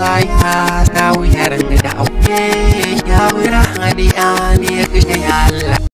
Zaika, now we had ya little ya Yeah, we're a honey, ya you're